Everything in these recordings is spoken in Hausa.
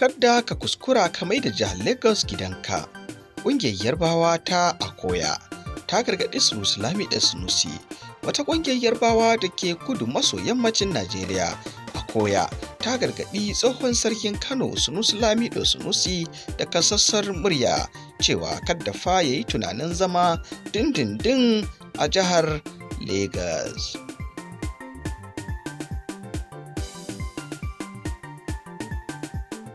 kada ka kuskura ka mai da jihar Lagos gidanka. Ƙungiyar Yarbawa ta Akoya ta gargaɗi Sunusulami da Sunusi, wata ƙungiyar Yarbawa da ke kudu maso yammacin Najeriya. Akoya ta gargaɗi tsohon sarkin Kano Sunusulami da Sunusi da kasassar murya cewa kadda fa ya yi tunanin zama dindindin a jihar Lagos.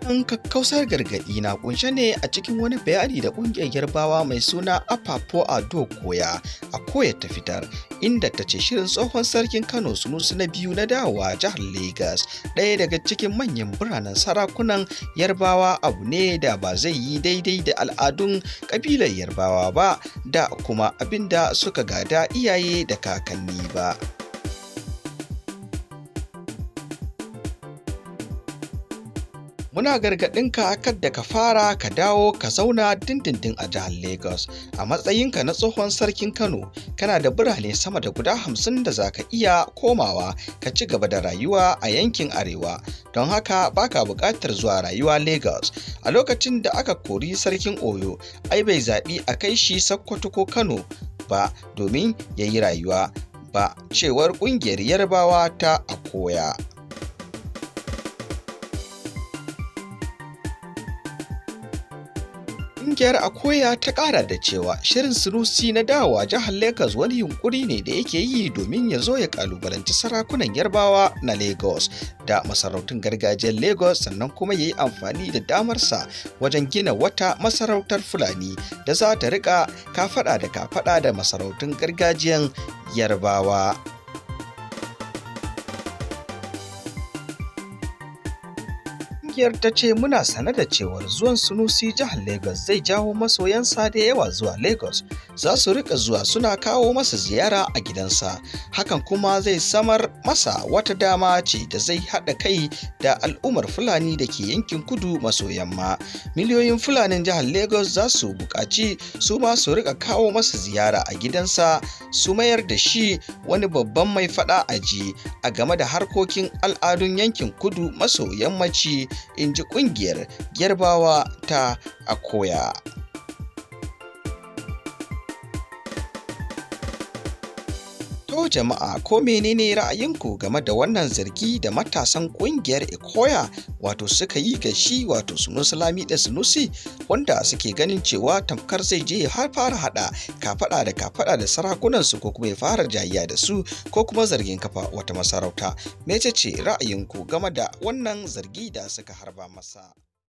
Wannan kakkausar gargaɗi na kunshe ne a cikin wani bayani da ƙungiyar Yarbawa mai suna Apapo Ado Koya a koya ta fitar, inda ta ce shirin tsohon sarkin Kano Sunusu na biyu na dawowa jihar Legas, ɗaya daga cikin manyan biranen sarakunan Yarbawa abu ne da ba zai yi daidai da al'adun ƙabilar Yarbawa ba da kuma abin da suka gada iyaye da kakanni ba. muna gargaɗinka kad da ka fara ka dawo ka zauna dindindin a jihar Lagos a matsayinka na tsohon sarkin Kano kana da birane sama da guda hamsin da za ka iya komawa ka ci gaba da rayuwa a yankin arewa don haka baka buƙatar zuwa rayuwa Lagos a lokacin da aka kori sarkin Oyo ai bai zaɓi a kai shi Sokoto ko Kano ba domin ya yi rayuwa ba cewar ƙungiyar Yarbawa ta Akoya. Ƙungiyar Akoya ta ƙara da cewa shirin Sunusi na dawowa jihar Lagos wani yunkuri ne da yake yi domin ya zo ya ƙalubalanci sarakunan Yarbawa na Lagos da masarautun gargajiyar Lagos sannan kuma ya yi amfani da damarsa wajen gina wata masarautar Fulani da za ta riƙa kafaɗa da kafaɗa da masarautun gargajiyar Yarbawa. Ƙungiyar ta ce muna sane da cewar zuwan Sunusi jihar Lagos zai jawo masoyansa da yawa zuwa Lagos. Za su rika zuwa suna kawo masa ziyara a gidansa. Hakan kuma zai samar masa wata dama ce da zai haɗa kai da al'ummar Fulani da ke yankin kudu maso yamma. Miliyoyin Fulanin jihar Lagos za su buƙaci su ma su rika kawo masa ziyara a gidansa su mayar da shi wani babban mai faɗa aji a game da harkokin al'adun yankin kudu maso yammaci in ji ƙungiyar gerbawa ta a koya. To jama'a ko menene ra'ayinku game da wannan zargi da matasan kungiyar Ikoya wato suka yi ga shi wato salami da Sunusi wanda suke ganin cewa tamkar zai je ya fara hada kafada da kafada da sarakunan su ko kuma ya fara jayya da su ko kuma zargin kafa wata masarauta. Mece ce ra'ayinku game da wannan zargi da suka harba masa?